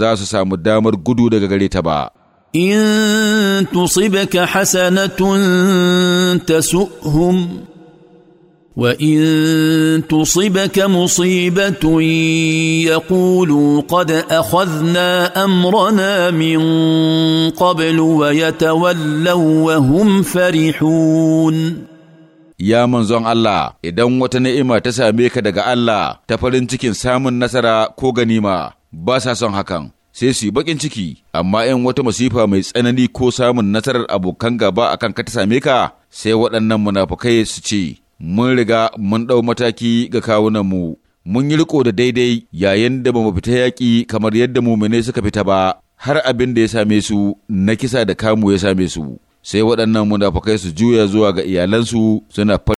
za su samu damar gudu daga gare ta ba. In tusibaka hasanatun tasu'hum وان تصبك مصيبه يقولوا قد اخذنا امرنا من قبل ويتولوا وهم farihun ya manzon Allah idan wata ni'ima ta same ka daga Allah ta farin cikin samun nasara ko ganima ba sa son hakan sai su yi bakin ciki amma in wata masifa mai tsanani ko samun nasarar abokan gaba akan ka ta same ka sai waɗannan munafukai su ce mun riga mun ɗau mataki ga kawunan mu mun yi riko da daidai yayin da ba mu fita yaƙi kamar yadda mumine suka fita ba har abin da ya same su na kisa da kamu ya same su sai waɗannan munafukai su juya zuwa ga iyalansu suna